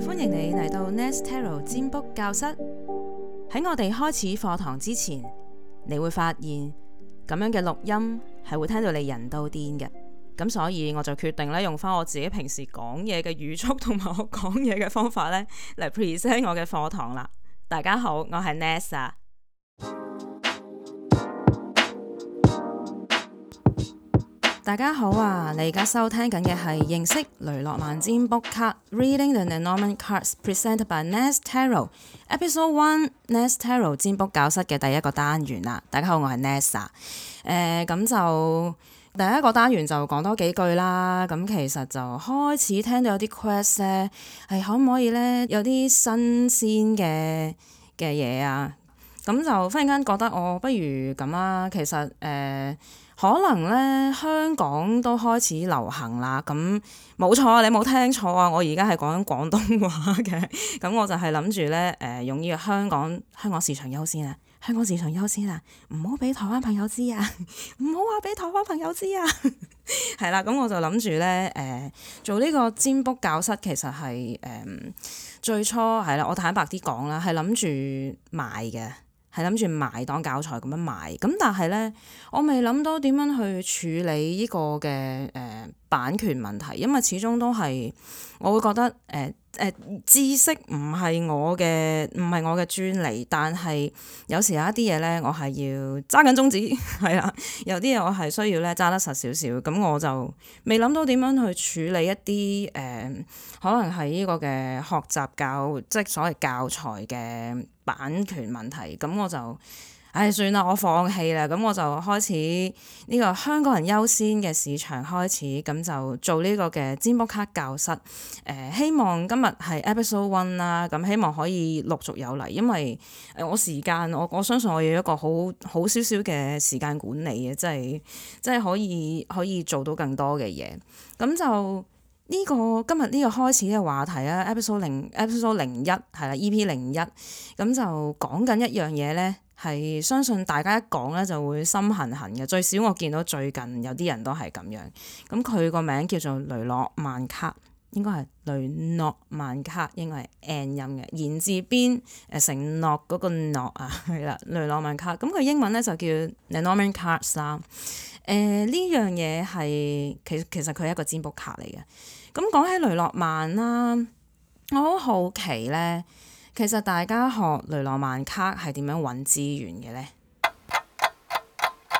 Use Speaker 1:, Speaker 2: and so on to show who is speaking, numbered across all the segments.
Speaker 1: 歡迎你嚟到 Nesta Tarot 占卜教室。喺我哋開始課堂之前，你會發現咁樣嘅錄音係會聽到你人到癲嘅。咁所以我就決定咧用翻我自己平時講嘢嘅語速同埋我講嘢嘅方法咧嚟 present 我嘅課堂啦。大家好，我係 Nesta 啊。大家好啊！你而家收聽緊嘅係認識雷諾曼占卜卡 （Reading the Lenormand Cards）presented by Nest Tarot，Episode One Nest Tarot 占卜教室嘅第一個單元啦。大家好，我係 Nesta。誒，咁就第一個單元就講多幾句啦。咁其實就開始聽到有啲 quest 咧，係可唔可以咧有啲新鮮嘅嘅嘢啊？咁就忽然間覺得我、哦、不如咁啦，其實誒、呃、可能咧香港都開始流行啦。咁冇錯啊，你冇聽錯啊，我而家係講廣東話嘅。咁 我就係諗住咧誒，用呢個香港香港市場優先啊，香港市場優先啊，唔好俾台灣朋友知啊，唔好話俾台灣朋友知啊。係 啦，咁我就諗住咧誒，做呢個占卜教室其實係誒、呃、最初係啦，我坦白啲講啦，係諗住賣嘅。係諗住買當教材咁樣買，咁但係咧，我未諗到點樣去處理呢個嘅誒、呃版權問題，因為始終都係，我會覺得誒誒、呃呃、知識唔係我嘅唔係我嘅專利，但係有時有一啲嘢咧，我係要揸緊宗旨，係啦，有啲嘢我係需要咧揸得實少少，咁我就未諗到點樣去處理一啲誒、呃，可能係呢個嘅學習教即係所謂教材嘅版權問題，咁我就。唉、哎，算啦，我放棄啦。咁我就開始呢個香港人優先嘅市場開始，咁就做呢個嘅占卜卡教室。誒、呃，希望今日係 episode one 啦。咁希望可以陸續有嚟，因為我時間，我我相信我要一個好好少少嘅時間管理嘅，即係即係可以可以做到更多嘅嘢。咁就呢、呢個今日呢個開始嘅話題啊，episode 零，episode 零一係啦，E.P. 零一。咁就講緊一樣嘢咧。係相信大家一講咧就會心痕痕嘅，最少我見到最近有啲人都係咁樣。咁佢個名叫做雷諾曼卡，應該係雷諾曼卡，應該係 n 音嘅言字邊誒，承、呃、諾嗰、嗰個諾啊，係 啦，雷諾曼卡。咁佢英文咧就叫、The、Norman Cards 啦、呃。誒呢樣嘢係其實其實佢係一個占卜卡嚟嘅。咁講起雷諾曼啦，我好好奇咧。其實大家學雷諾曼卡係點樣揾資源嘅呢？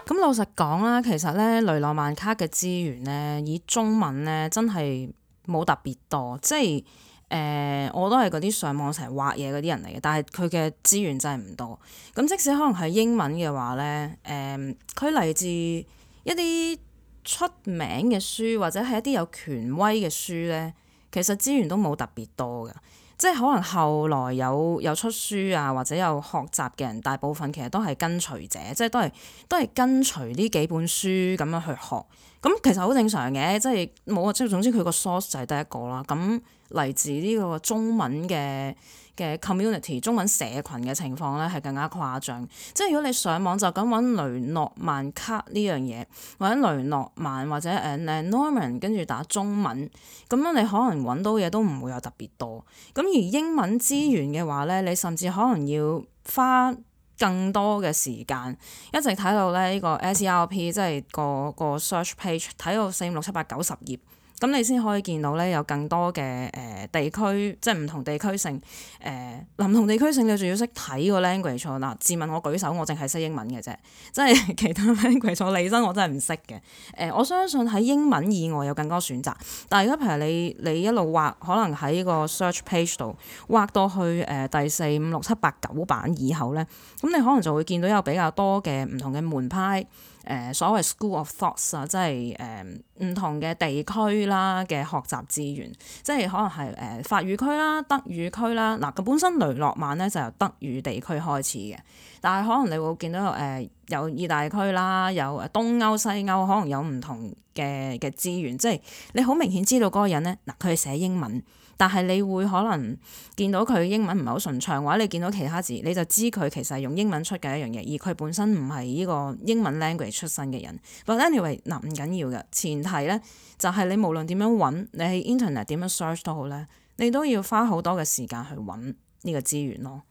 Speaker 1: 咁老實講啦，其實咧雷諾曼卡嘅資源咧，以中文咧真係冇特別多。即係誒、呃，我都係嗰啲上網成日畫嘢嗰啲人嚟嘅，但係佢嘅資源真係唔多。咁即使可能係英文嘅話咧，誒、呃，佢嚟自一啲出名嘅書，或者係一啲有權威嘅書咧，其實資源都冇特別多嘅。即係可能後來有有出書啊，或者有學習嘅人，大部分其實都係跟隨者，即係都係都係跟隨呢幾本書咁樣去學，咁其實好正常嘅，即係冇啊，即係總之佢個 source 就係得一個啦，咁。嚟自呢個中文嘅嘅 community，中文社群嘅情況咧係更加誇張。即係如果你上網就咁揾雷諾曼卡呢樣嘢，或者雷諾曼或者誒 Norman，跟住打中文，咁樣你可能揾到嘢都唔會有特別多。咁而英文資源嘅話咧，你甚至可能要花更多嘅時間，一直睇到咧呢個 SERP，即係個個 search page，睇到四五六七八九十頁。咁你先可以見到咧，有更多嘅誒地區，即係唔同地區性誒，唔、呃、同地區性你仲要識睇個 language 錯啦。自問我舉手，我淨係識英文嘅啫，即係其他 language 錯，你真我真係唔識嘅。誒、呃，我相信喺英文以外有更多選擇。但係而家譬如你你一路畫，可能喺個 search page 度畫到去誒、呃、第四五六七八九版以後咧，咁你可能就會見到有比較多嘅唔同嘅門派。誒所謂 school of thoughts 啊，即係誒唔同嘅地區啦嘅學習資源，即係可能係誒法語區啦、德語區啦。嗱，佢本身雷諾曼咧就由德語地區開始嘅，但係可能你會見到誒、呃、有意大區啦，有東歐、西歐，可能有唔同嘅嘅資源，即係你好明顯知道嗰個人咧，嗱佢係寫英文。但係你會可能見到佢英文唔係好順暢，或者你見到其他字，你就知佢其實係用英文出嘅一樣嘢，而佢本身唔係呢個英文 language 出身嘅人。But anyway，嗱唔緊要嘅前提咧，就係、是、你無論點樣揾，你喺 internet 點樣 search 都好咧，你都要花好多嘅時間去揾呢個資源咯。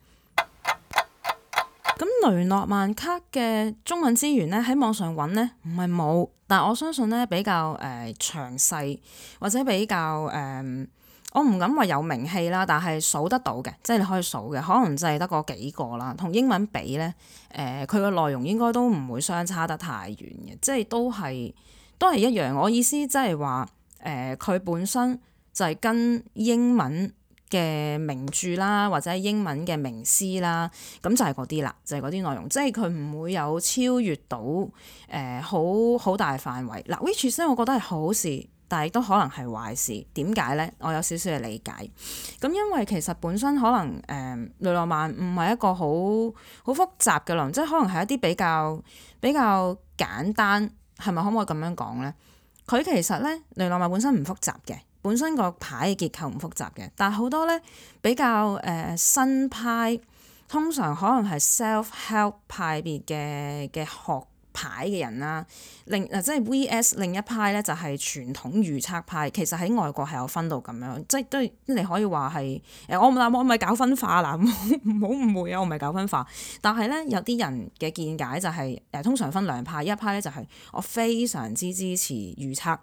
Speaker 1: 咁雷諾曼卡嘅中文資源咧，喺網上揾咧唔係冇，但係我相信咧比較誒、呃、詳細或者比較誒。呃我唔敢話有名氣啦，但係數得到嘅，即係你可以數嘅，可能就係得嗰幾個啦。同英文比咧，誒佢個內容應該都唔會相差得太遠嘅，即係都係都係一樣。我意思即係話，誒、呃、佢本身就係跟英文嘅名著啦，或者英文嘅名師啦，咁就係嗰啲啦，就係嗰啲內容，即係佢唔會有超越到誒好好大範圍。嗱，which 咧，我覺得係好事。但係亦都可能係壞事，點解咧？我有少少嘅理解。咁因為其實本身可能誒、呃、雷諾曼唔係一個好好複雜嘅論，即係可能係一啲比較比較簡單，係咪可唔可以咁樣講咧？佢其實咧，雷諾曼本身唔複雜嘅，本身個牌嘅結構唔複雜嘅，但係好多咧比較誒、呃、新派，通常可能係 self help 派別嘅嘅學派嘅人啦，另嗱，即係 VS 另一派咧，就係傳統預測派。其實喺外國係有分到咁樣，即係都你可以話係誒，我唔嗱，我唔係搞分化嗱，唔好唔好誤會啊，我唔係搞分化。但係咧有啲人嘅見解就係、是、誒，通常分兩派，一派咧就係我非常之支持預測。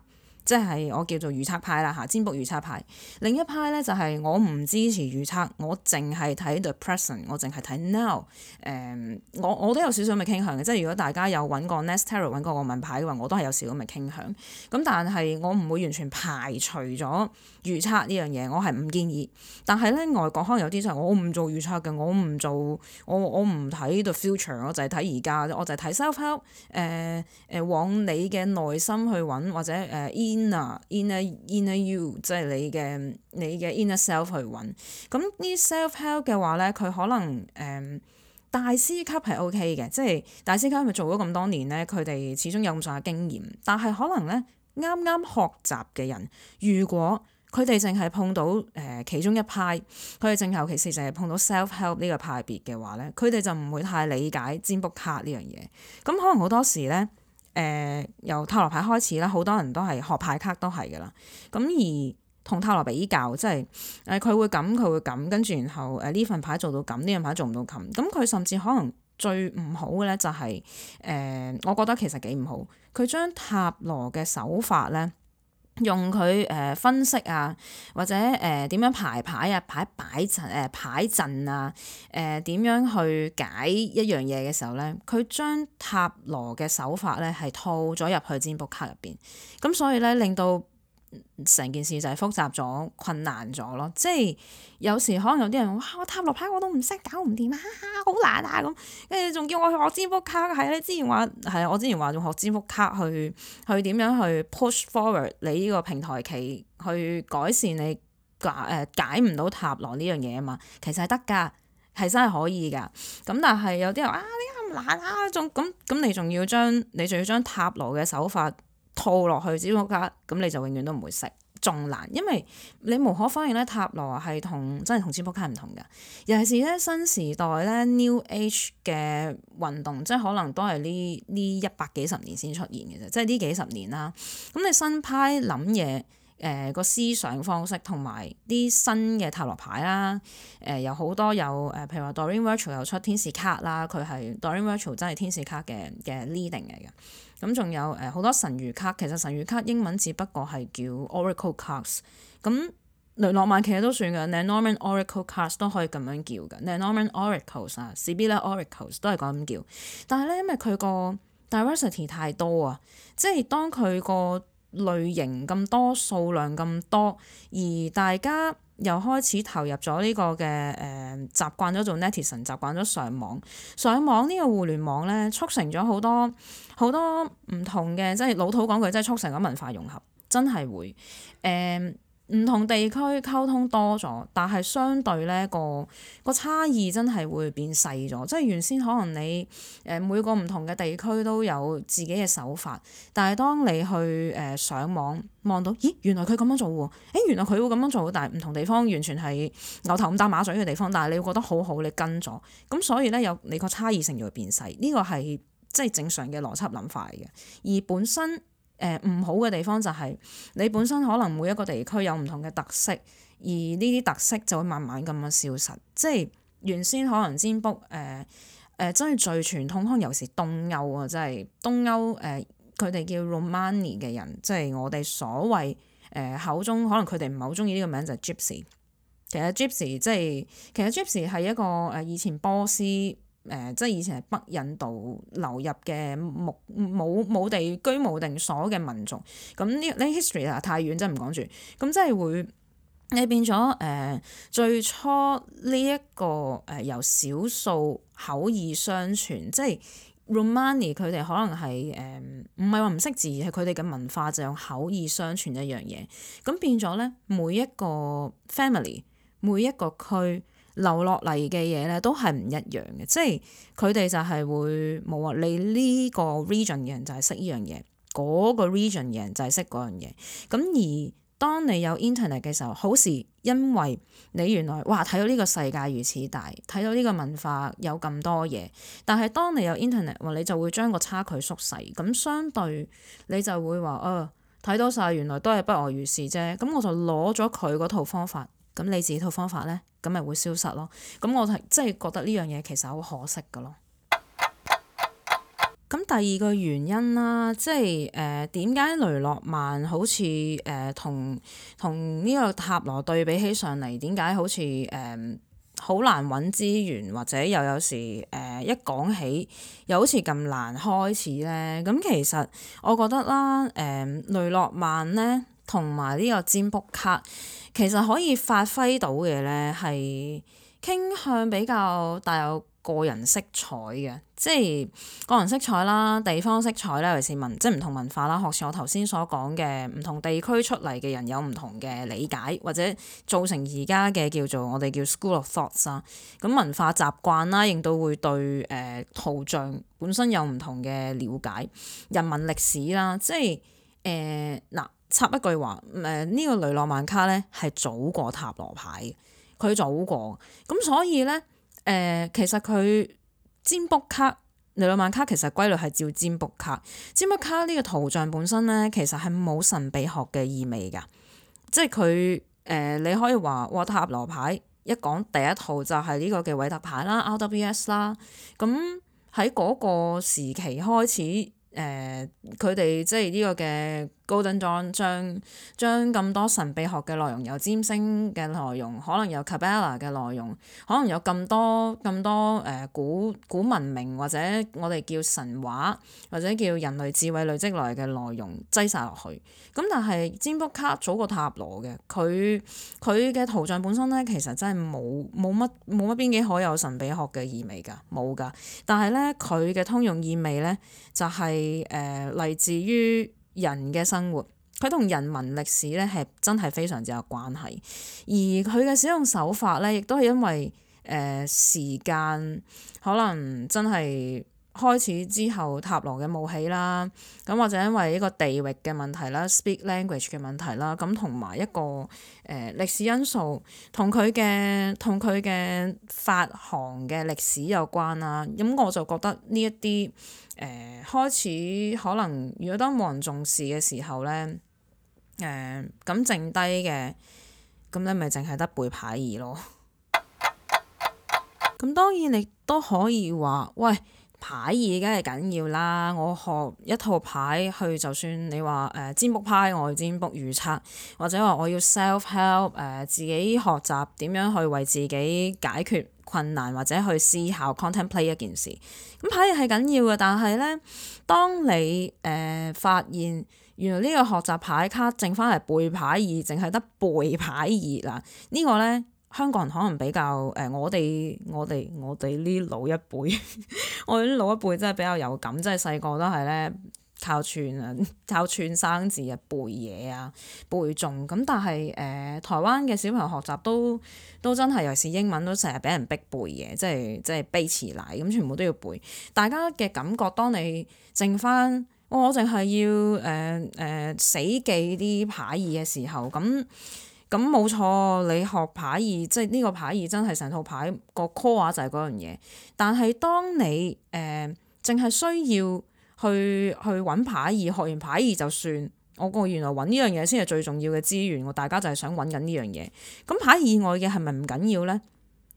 Speaker 1: 即係我叫做預測派啦嚇，占卜預測派。另一派咧就係、是、我唔支持預測，我淨係睇 the present，我淨係睇 now。誒、嗯，我我都有少少咪傾向嘅。即係如果大家有揾過 Nest Tarot 揾過我問牌嘅話，我都係有少少咪傾向。咁但係我唔會完全排除咗預測呢樣嘢，我係唔建議。但係咧，外國可能有啲就係我唔做預測嘅，我唔做，我我唔睇 the future，我就係睇而家，我就係睇 self help。誒誒，往你嘅內心去揾或者誒、呃 Inner, inner inner you 即係你嘅你嘅 inner self 去揾，咁呢 self help 嘅話咧，佢可能誒、呃、大師級係 O K 嘅，即係大師級咪做咗咁多年咧，佢哋始終有咁上下經驗。但係可能咧，啱啱學習嘅人，如果佢哋淨係碰到誒其中一派，佢哋啱好尤其係就係碰到 self help 呢個派別嘅話咧，佢哋就唔會太理解占卜卡呢樣嘢。咁可能好多時咧。誒、呃、由塔羅牌開始啦，好多人都係學牌卡都係㗎啦。咁而同塔羅比較，即係誒佢會咁，佢會咁，跟住然後誒呢份牌做到咁，呢份牌做唔到咁。咁佢甚至可能最唔好嘅咧、就是，就係誒我覺得其實幾唔好，佢將塔羅嘅手法咧。用佢誒分析啊，或者誒呃、點樣排牌啊，排擺陣誒排陣啊，誒、呃、點樣去解一樣嘢嘅時候咧，佢將塔羅嘅手法咧係套咗入去占卜卡入邊，咁所以咧令到。成件事就係複雜咗、困難咗咯，即係有時可能有啲人哇，我塔羅牌我都唔識，搞唔掂啊，好難啊咁，誒仲叫我去學占卜卡係啊，你之前話係啊，我之前話仲學占卜卡去去點樣去 push forward 你呢個平台期去改善你解誒解唔到塔羅呢樣嘢啊嘛，其實係得噶，係真係可以噶，咁但係有啲人啊，點解咁難啊，仲咁咁你仲要將你仲要將塔羅嘅手法。套落去紙薄卡，咁你就永遠都唔會食，仲難，因為你無可否認咧，塔羅係同真係同紙薄卡唔同㗎，尤其是咧，新時代咧 New Age 嘅運動，即係可能都係呢呢一百幾十年先出現嘅啫，即係呢幾十年啦。咁你新派諗嘢。誒個、呃、思想方式同埋啲新嘅塔羅牌啦，誒、呃、有好多有誒，譬如話 Doreen Virtue 又出天使卡啦，佢係 Doreen Virtue 真係天使卡嘅嘅 leading 嚟嘅。咁仲有誒好、呃、多神諭卡，其實神諭卡英文只不過係叫 Oracle Cards。咁雷諾曼其實都算嘅，你 Norman Oracle Cards 都可以咁樣叫嘅，你 Norman Oracles 啊，Sibilla Oracles 都係咁叫。但係咧，因為佢個 diversity 太多啊，即係當佢個類型咁多，數量咁多，而大家又開始投入咗呢、這個嘅誒、呃，習慣咗做 netizen，習慣咗上網。上網呢個互聯網呢，促成咗好多好多唔同嘅，即係老土講句，即係促成咗文化融合，真係會誒。呃唔同地區溝通多咗，但係相對咧個個差異真係會變細咗。即係原先可能你誒每個唔同嘅地區都有自己嘅手法，但係當你去誒上網望到，咦原來佢咁樣做喎！誒原來佢會咁樣做，但係唔同地方完全係牛頭唔搭馬嘴嘅地方，但係你會覺得好好，你跟咗。咁所以咧有你個差異性就會變細，呢個係即係正常嘅邏輯諗法嚟嘅，而本身。誒唔、呃、好嘅地方就係你本身可能每一個地區有唔同嘅特色，而呢啲特色就會慢慢咁樣消失。即係原先可能占卜誒誒、呃呃，真係最傳統，可能尤其係東歐啊，即係東歐誒，佢、呃、哋叫 Romani 嘅人，即係我哋所謂誒、呃、口中可能佢哋唔係好中意呢個名就係、是、Gypsy。其實 Gypsy 即係其實 Gypsy 係一個誒以前波斯。誒，即係以前係北印度流入嘅冇冇冇地居冇定所嘅民族，咁呢呢 history 啊，太遠真係唔講住，咁真係會，誒變咗誒、呃、最初呢、這、一個誒、呃、由少數口耳相傳，即係 Romani 佢哋可能係誒唔係話唔識字，係佢哋嘅文化就用、是、口耳相傳一樣嘢，咁變咗咧每一個 family 每一個區。留落嚟嘅嘢咧，都係唔一樣嘅，即係佢哋就係會冇話你呢個 region 嘅人就係識呢樣嘢，嗰個 region 嘅人就係識嗰樣嘢。咁而當你有 internet 嘅時候，好時因為你原來哇睇到呢個世界如此大，睇到呢個文化有咁多嘢。但係當你有 internet，你就會將個差距縮細，咁相對你就會話啊睇到晒，原來都係不外如是啫。咁我就攞咗佢嗰套方法。咁你自己套方法咧，咁咪會消失咯。咁我係即係覺得呢樣嘢其實好可惜噶咯。咁第二個原因啦，即係誒點解雷諾曼好似誒同同呢個塔羅對比起上嚟，點解好似誒好難揾資源，或者又有時誒、呃、一講起又好似咁難開始咧？咁其實我覺得啦，誒、呃、雷諾曼咧。同埋呢個占卜卡，其實可以發揮到嘅咧，係傾向比較帶有個人色彩嘅，即係個人色彩啦、地方色彩啦，尤其是文即係唔同文化啦。學似我頭先所講嘅唔同地區出嚟嘅人有唔同嘅理解，或者造成而家嘅叫做我哋叫 school of thoughts 啊。咁文化習慣啦，令到會對誒、呃、圖像本身有唔同嘅了解，人文歷史啦，即係誒嗱。呃插一句話，誒、呃、呢、這個雷諾曼卡咧係早過塔羅牌嘅，佢早過，咁所以咧誒、呃、其實佢占卜卡雷諾曼卡其實規律係照占卜卡，占卜卡呢個圖像本身咧其實係冇神秘學嘅意味㗎。即係佢誒你可以話哇、呃、塔羅牌一講第一套就係呢個嘅偉特牌啦 RWS 啦，咁喺嗰個時期開始誒佢哋即係呢個嘅。Golden Dawn 將將將咁多神秘學嘅內容，有占星嘅內容，可能有 Cabella 嘅內容，可能有咁多咁多誒、呃、古古文明或者我哋叫神話或者叫人類智慧累積來嘅內容擠晒落去。咁但係占卜卡早過塔羅嘅，佢佢嘅圖像本身咧，其實真係冇冇乜冇乜邊幾可有神秘學嘅意味㗎，冇㗎。但係咧佢嘅通用意味咧就係誒嚟自於。人嘅生活，佢同人文歷史咧係真係非常之有關係。而佢嘅使用手法咧，亦都係因為誒時間，可能真係。開始之後，塔羅嘅冒起啦，咁或者因為呢個地域嘅問題啦，Speak language 嘅問題啦，咁同埋一個誒、呃、歷史因素，同佢嘅同佢嘅發行嘅歷史有關啦。咁我就覺得呢一啲誒開始可能，如果當冇人重視嘅時候咧，誒、呃、咁剩低嘅，咁你咪淨係得背牌二咯。咁 當然你都可以話喂。牌意梗係緊要啦，我學一套牌去，就算你話誒占卜牌，我去占卜預測，或者話我要 self help 誒自己學習點樣去為自己解決困難，或者去思考 contemplate 一件事，咁牌意係緊要嘅。但係咧，當你誒、呃、發現原來呢個學習牌卡剩翻係背牌意，淨係得背牌意啦，這個、呢個咧。香港人可能比較誒、呃，我哋我哋我哋呢老一輩， 我哋呢老一輩真係比較有感，真係細個都係咧靠串啊，靠串生字啊，背嘢啊，背誦咁。但係誒、呃，台灣嘅小朋友學習都都真係，尤其是英文都成日俾人逼背嘢，即係即係背詞彙咁，全部都要背。大家嘅感覺，當你剩翻我、哦，我淨係要誒誒、呃呃、死記啲牌意嘅時候咁。咁冇錯，你學牌義即係呢個牌義，真係成套牌個 core 就係嗰樣嘢。但係當你誒淨係需要去去揾牌義，學完牌義就算，我個原來揾呢樣嘢先係最重要嘅資源。大家就係想揾緊呢樣嘢。咁牌義外嘅係咪唔緊要呢？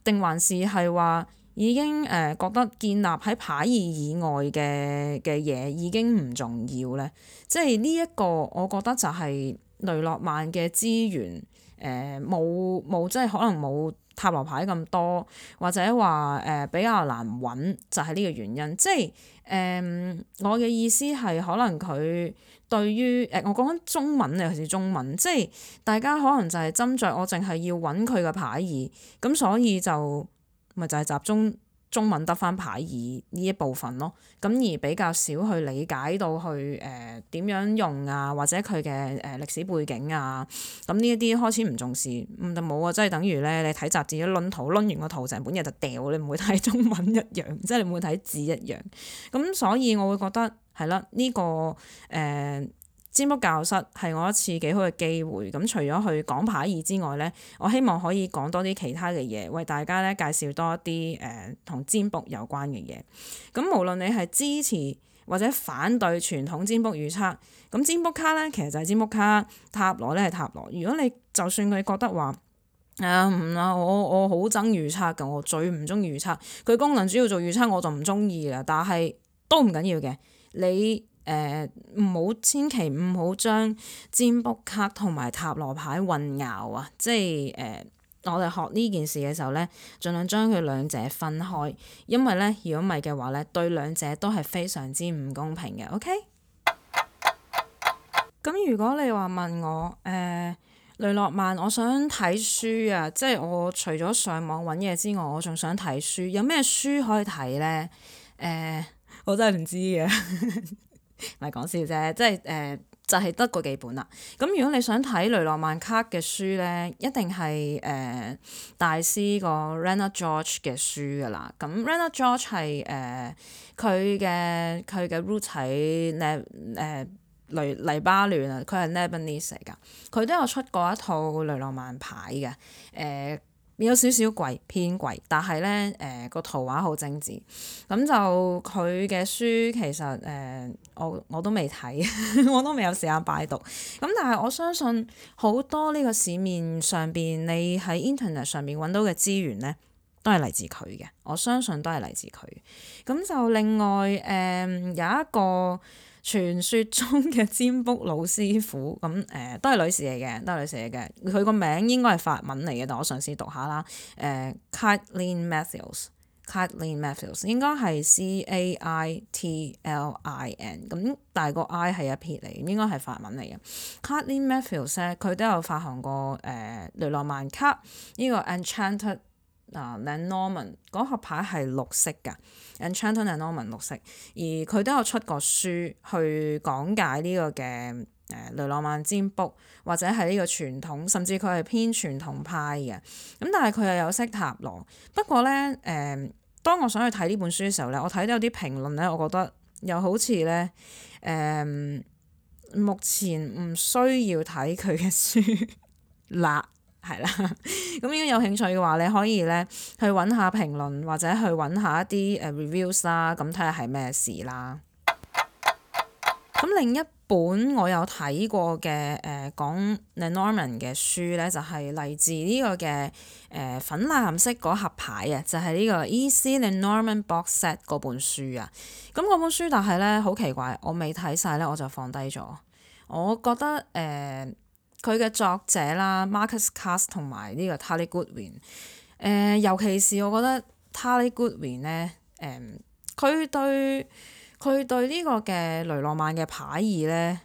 Speaker 1: 定還是係話已經誒覺得建立喺牌義以外嘅嘅嘢已經唔重要呢？即係呢一個，我覺得就係雷諾曼嘅資源。誒冇冇即係可能冇塔羅牌咁多，或者話誒、呃、比較難揾，就係、是、呢個原因。即係誒、呃，我嘅意思係可能佢對於誒、呃，我講緊中文，尤其是中文，即係大家可能就係斟酌我淨係要揾佢嘅牌而咁，所以就咪就係、是、集中。中文得翻牌耳呢一部分咯，咁而比較少去理解到去誒點樣用啊，或者佢嘅誒歷史背景啊，咁呢一啲開始唔重視，就冇啊，即係等於咧你睇雜誌一輪圖，輪完個圖成本嘢就掉，你唔會睇中文一樣，即係你唔會睇字一樣，咁、嗯、所以我會覺得係啦，呢、呢個誒。呃。占卜教室係我一次幾好嘅機會，咁除咗去講牌意之外呢，我希望可以講多啲其他嘅嘢，為大家呢介紹多一啲誒同占卜有關嘅嘢。咁無論你係支持或者反對傳統占卜預測，咁占卜卡呢其實就係占卜卡，塔羅呢係塔羅。如果你就算佢覺得話，啊唔啊我我好憎預測㗎，我最唔中意預測，佢功能主要做預測我就唔中意啦。但係都唔緊要嘅，你。誒唔好千祈唔好將占卜卡同埋塔羅牌混淆啊！即係誒、呃，我哋學呢件事嘅時候咧，盡量將佢兩者分開，因為咧，如果唔係嘅話咧，對兩者都係非常之唔公平嘅。OK？咁、嗯、如果你話問我誒、呃、雷諾曼，我想睇書啊！即係我除咗上網揾嘢之外，我仲想睇書，有咩書可以睇咧？誒、呃，我真係唔知嘅。 唔係講笑啫，即係誒、呃、就係、是、得嗰幾本啦。咁如果你想睇雷諾曼卡嘅書咧，一定係誒、呃、大師個 Rana George 嘅書噶啦。咁 Rana George 係誒佢嘅佢嘅 root 喺 Le 黎黎巴嫩啊，佢係 Lebanese 噶，佢都有出過一套雷諾曼牌嘅誒。呃有少少貴，偏貴，但係咧，誒、呃、個圖畫好精緻，咁就佢嘅書其實誒、呃，我我都未睇， 我都未有時間拜讀，咁但係我相信好多呢個市面上邊，你喺 internet 上面揾到嘅資源咧，都係嚟自佢嘅，我相信都係嚟自佢。咁就另外誒、呃、有一個。傳說中嘅占卜老師傅，咁、呃、誒都係女士嚟嘅，都係女士嚟嘅。佢個名應該係法文嚟嘅，但我嘗試讀下啦。誒、呃、Caitlin Matthews，Caitlin Matthews，Matthew 應該係 C A I T L I N。咁但係個 I 係一撇嚟，應該係法文嚟嘅。Caitlin Matthews 佢都有發行過誒、呃《雷諾曼卡》呢、這個 Enchanted。嗱、uh，Lenormand 嗰盒牌係綠色㗎，Enchantment Lenormand 綠色，而佢都有出過書去講解呢個嘅誒雷諾曼占卜，或者係呢個傳統，甚至佢係偏傳統派嘅。咁但係佢又有識塔羅。不過咧，誒、嗯，當我想去睇呢本書嘅時候咧，我睇到有啲評論咧，我覺得又好似咧，誒、嗯，目前唔需要睇佢嘅書啦。 係啦，咁 如果有興趣嘅話，你可以咧去揾下評論或者去揾下一啲誒 reviews 啦，咁睇下係咩事啦。咁 另一本我有睇過嘅誒、呃、講、the、Lenormand 嘅書咧，就係、是、嚟自呢個嘅誒、呃、粉藍色嗰盒牌啊，就係、是、呢個 Easy Lenormand Box Set 嗰本書啊。咁嗰本書但係咧好奇怪，我未睇晒咧，我就放低咗。我覺得誒。呃佢嘅作者啦，Marcus Katz 同埋呢個 Tali Goodwin，誒、呃，尤其是我覺得 Tali Goodwin 咧，誒、呃，佢對佢對個呢個嘅雷諾曼嘅牌意咧，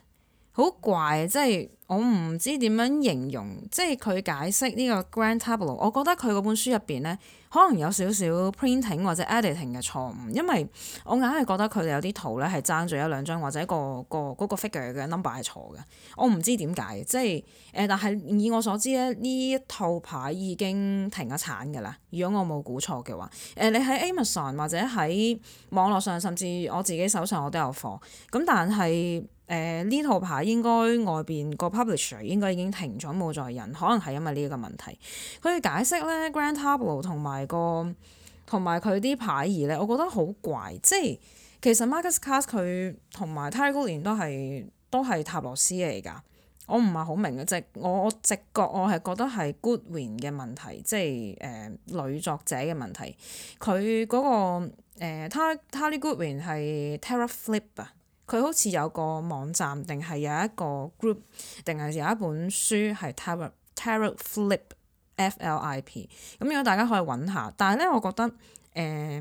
Speaker 1: 好怪，即係。我唔知點樣形容，即係佢解釋呢個 grand tableau。我覺得佢嗰本書入邊咧，可能有少少 printing 或者 editing 嘅錯誤，因為我硬係覺得佢哋有啲圖咧係爭咗一兩張，或者、個個嗰個 figure 嘅 number 係錯嘅。我唔知點解，即係誒、呃，但係以我所知咧，呢一套牌已經停咗產㗎啦。如果我冇估錯嘅話，誒、呃、你喺 Amazon 或者喺網絡上，甚至我自己手上我都有貨。咁但係誒呢套牌應該外邊個應該已經停咗冇再人，可能係因為呢一個問題。佢解釋咧 Grand Tableau 同埋、那個同埋佢啲牌兒咧，我覺得好怪。即係其實 Marcus Cas 佢同埋 Terry Goodwin 都係都係塔羅師嚟㗎。我唔係好明嘅，即係我直覺我係覺得係 Goodwin 嘅問題，即係誒、呃、女作者嘅問題。佢嗰、那個 Terry、呃、Terry Goodwin 係 Terra Flip 啊。佢好似有個網站，定係有一個 group，定係有一本書係 Terror Terror Flip F L I P。咁如果大家可以揾下，但係咧，我覺得誒、呃，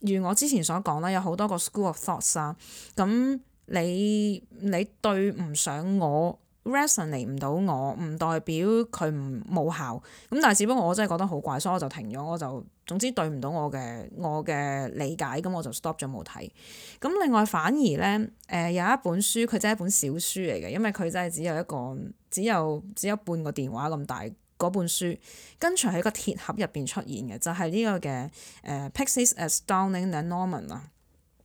Speaker 1: 如我之前所講啦，有好多個 School of Thoughts 啊，咁你你對唔上我。reason 嚟唔到我，唔代表佢唔冇效。咁但係，只不過我真係覺得好怪，所以我就停咗。我就總之對唔到我嘅我嘅理解，咁我就 stop 咗冇睇。咁另外反而呢，誒、呃、有一本書，佢真係一本小書嚟嘅，因為佢真係只有一個，只有只有半個電話咁大嗰本書，跟住喺個鐵盒入邊出現嘅，就係、是、呢個嘅誒、呃《Pixis Astounding Norman》啊，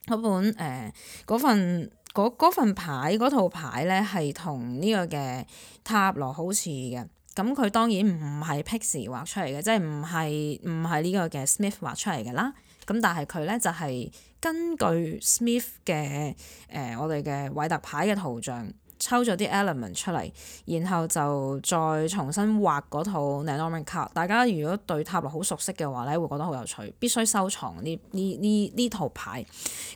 Speaker 1: 嗰本誒嗰份。嗰份牌嗰套牌咧係同呢個嘅塔羅好似嘅，咁佢當然唔係 Pixie 畫出嚟嘅，即係唔係唔係呢個嘅 Smith 畫出嚟嘅啦，咁但係佢咧就係根據 Smith 嘅誒、呃、我哋嘅韋特牌嘅圖像。抽咗啲 element 出嚟，然後就再重新畫嗰套《Lenormand Card》。大家如果對塔羅好熟悉嘅話咧，會覺得好有趣，必須收藏呢呢呢呢套牌。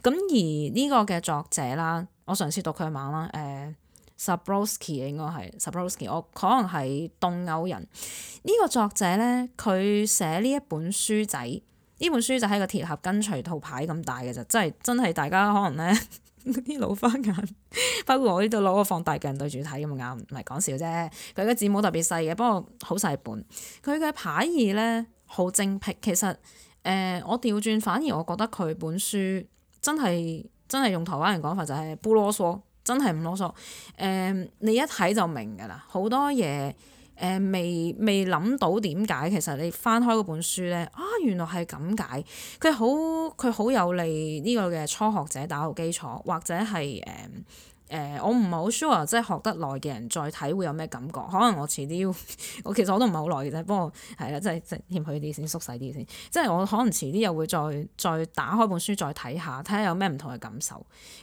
Speaker 1: 咁而呢個嘅作者啦，我上次讀佢嘅名啦，誒、呃、，Subrowski 應該係 Subrowski 我可能係東歐人。呢、這個作者咧，佢寫呢一本書仔，呢本書就係一個鐵盒跟隨套牌咁大嘅啫，真係真係大家可能咧。嗰啲老花眼，不過我呢度攞個放大鏡對住睇咁啊眼，唔係講笑啫。佢嘅字冇特別細嘅，不過好細本。佢嘅牌意咧好精闢。其實誒、呃、我調轉，反而我覺得佢本書真係真係用台灣人講法就係、是、不囉嗦，真係唔囉嗦。誒、呃、你一睇就明㗎啦，好多嘢。誒、呃、未未諗到點解？其實你翻開嗰本書咧，啊原來係咁解。佢好佢好有利呢個嘅初學者打好基礎，或者係誒誒我唔係好 sure 即係學得耐嘅人再睇會有咩感覺？可能我遲啲我其實我都唔係好耐嘅啫，不過係啦，即係即係嫌佢啲先縮細啲先。即係我可能遲啲又會再再打開本書再睇下，睇下有咩唔同嘅感受。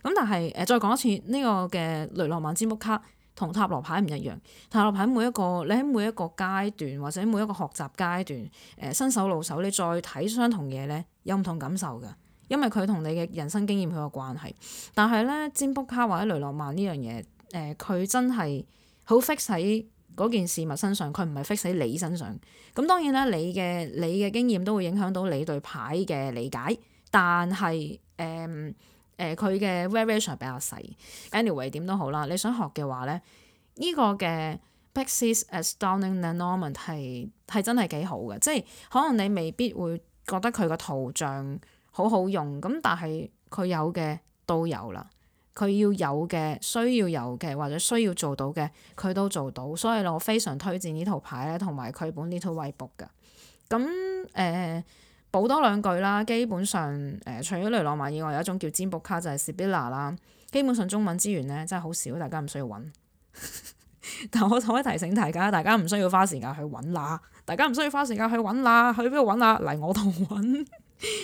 Speaker 1: 咁但係誒、呃、再講一次呢個嘅雷諾曼占卜卡。同塔羅牌唔一樣，塔羅牌每一個你喺每一個階段或者每一個學習階段，誒、呃、新手老手你再睇相同嘢咧，有唔同感受㗎，因為佢同你嘅人生經驗佢有關係。但係咧，占卜卡或者雷諾曼呢樣嘢，誒、呃、佢真係好 fix 喺嗰件事物身上，佢唔係 fix 喺你身上。咁當然啦，你嘅你嘅經驗都會影響到你對牌嘅理解，但係誒。嗯誒佢嘅、呃、variation 比較細，anyway 點都好啦。你想學嘅話咧，呢、這個嘅 Pixie's Astounding Lenormand 係係真係幾好嘅，即係可能你未必會覺得佢個圖像好好用，咁但係佢有嘅都有啦。佢要有嘅、需要有嘅或者需要做到嘅，佢都做到，所以咧我非常推薦呢套牌咧同埋佢本呢套威薄嘅。咁誒。呃補多兩句啦，基本上誒、呃，除咗雷諾曼以外，有一種叫占卜卡，就係、是、Sibilla 啦。基本上中文資源咧，真係好少，大家唔需要揾。 但係我可以提醒大家，大家唔需要花時間去揾啦，大家唔需要花時間去揾啦，去邊度揾啊？嚟我度揾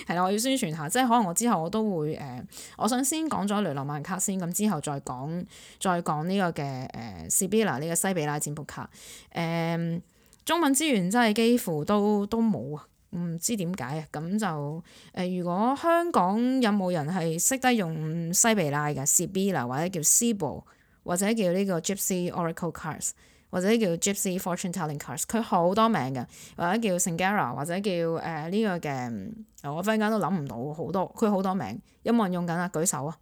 Speaker 1: 係啦！我要宣傳下，即係可能我之後我都會誒、呃，我想先講咗雷諾曼卡先，咁之後再講再講呢、這個嘅誒 Sibilla 呢個西比拉占卜卡誒、呃，中文資源真係幾乎都都冇啊！唔知點解啊？咁就誒、呃，如果香港有冇人係識得用西比拉嘅 Sibila，或者叫 Cibo，或者叫呢個 Gypsy Oracle Cards，或者叫 Gypsy Fortune Telling Cards，佢好多名嘅，或者叫 Singara 或者叫誒呢、呃呢個嘅，我忽然間都諗唔到好多，佢好多名。有冇人用緊啊？舉手啊！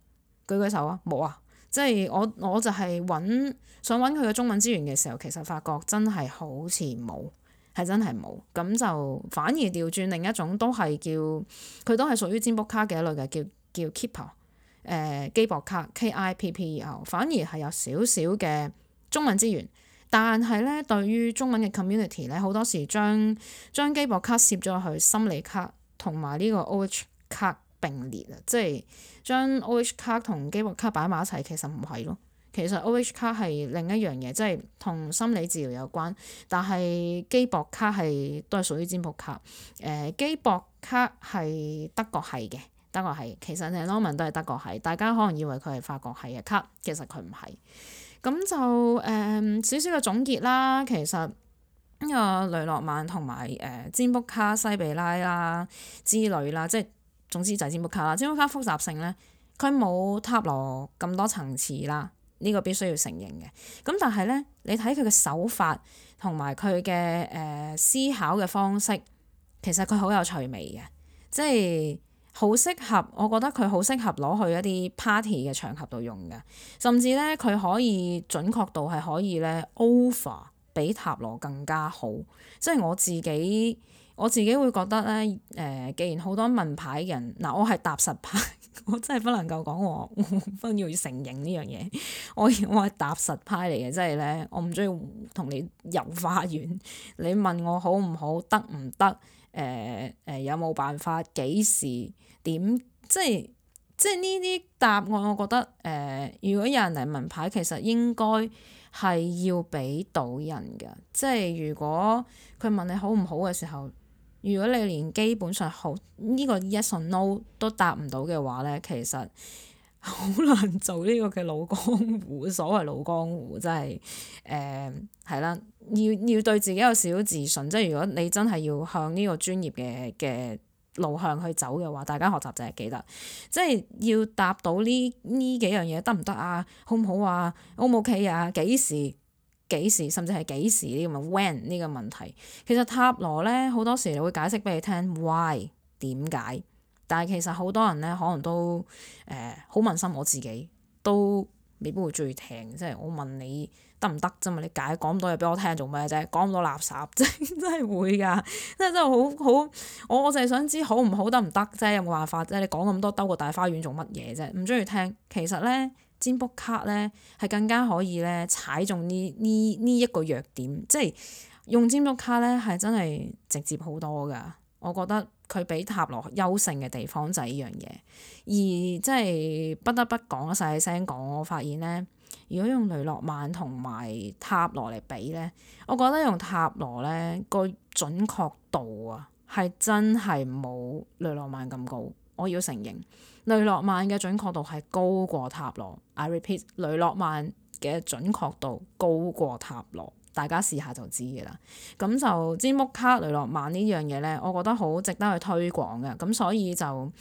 Speaker 1: 舉手啊！舉手啊！冇啊！即係我我就係揾想揾佢嘅中文資源嘅時候，其實發覺真係好似冇。係真係冇，咁就反而調轉另一種都，都係叫佢都係屬於占卜卡嘅一類嘅，叫叫 Keeper 誒、呃、基博卡 KIPP，然後反而係有少少嘅中文資源，但係呢，對於中文嘅 community 呢，好多時將將基博卡攝咗去心理卡同埋呢個 O.H 卡並列啊，即係將 O.H 卡同基博卡擺埋一齊，其實唔係咯。其實 O.H 卡係另一樣嘢，即係同心理治療有關。但係基博卡係都係屬於占卜卡。誒、呃，基博卡係德國係嘅，德國係。其實雷諾曼都係德國係，大家可能以為佢係法國係嘅卡，其實佢唔係。咁就誒少少嘅總結啦。其實呢個雷諾曼同埋誒占卜卡西比拉啦之類啦，即係總之就係占卜卡啦。占卜卡複雜性咧，佢冇塔羅咁多層次啦。呢個必須要承認嘅，咁但係咧，你睇佢嘅手法同埋佢嘅誒思考嘅方式，其實佢好有趣味嘅，即係好適合，我覺得佢好適合攞去一啲 party 嘅場合度用嘅，甚至咧佢可以準確度係可以咧 over 比塔羅更加好，即係我自己。我自己會覺得咧，誒、呃，既然好多問牌人，嗱、呃，我係踏實派，我真係不能夠講我，我，我都要承認呢樣嘢，我我係踏實派嚟嘅，即係咧，我唔中意同你遊花園，你問我好唔好，得唔得，誒、呃、誒、呃，有冇辦法，幾時點，即係即係呢啲答案，我覺得誒、呃，如果有人嚟問牌，其實應該係要俾到人嘅，即係如果佢問你好唔好嘅時候。如果你連基本上好呢個 yes or no 都答唔到嘅話咧，其實好難做呢個嘅老江湖。所謂老江湖，真係誒係啦，要要對自己有少少自信。即係如果你真係要向呢個專業嘅嘅路向去走嘅話，大家學習就係記得，即係要答到呢呢幾樣嘢得唔得啊？好唔好啊？O 唔 OK 啊？幾時？幾時，甚至係幾時呢個問？When 呢個問題，其實塔羅呢，好多時你會解釋俾你聽。Why 點解？但係其實好多人呢，可能都誒好、呃、問心，我自己都未必會中意聽。即係我問你得唔得啫嘛？你解講咁多嘢俾我聽做咩啫？講咁多垃圾，真真係會㗎，真係真係好好。我我淨係想知好唔好得唔得啫？行行有冇辦法？即係你講咁多兜個大花園做乜嘢啫？唔中意聽。其實呢。占卜卡咧係更加可以咧踩中呢呢呢一個弱點，即係用占卜卡咧係真係直接好多㗎。我覺得佢比塔羅優勝嘅地方就係呢樣嘢，而即係不得不講，細細聲講，我發現咧，如果用雷諾曼同埋塔羅嚟比咧，我覺得用塔羅咧個準確度啊，係真係冇雷諾曼咁高。我要承認，雷諾曼嘅準確度係高過塔羅。I repeat，雷諾曼嘅準確度高過塔羅。大家試下就知嘅啦，咁就詹木卡雷諾曼呢樣嘢咧，我覺得好值得去推廣嘅，咁所以就誒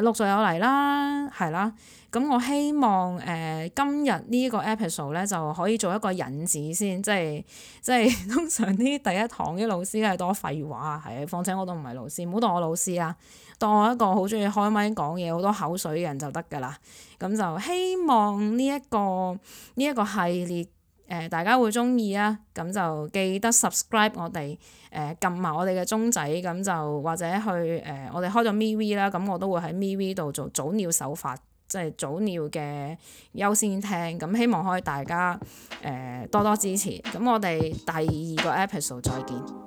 Speaker 1: 陸續有嚟啦，係啦，咁我希望誒、呃、今日呢個 episode 咧就可以做一個引子先，即係即係通常啲第一堂啲老師梗係多廢話，係，況且我都唔係老師，唔好當我老師啊，當我一個好中意開咪講嘢、好多口水嘅人就得㗎啦，咁就希望呢、呢、一個呢一、呢個系列。誒大家會中意啊，咁就記得 subscribe 我哋，誒撳埋我哋嘅鐘仔，咁就或者去誒、呃、我哋開咗 MeV 啦，咁我都會喺 MeV 度做早鳥手法，即係早鳥嘅優先聽，咁希望可以大家誒、呃、多多支持，咁我哋第二個 episode 再見。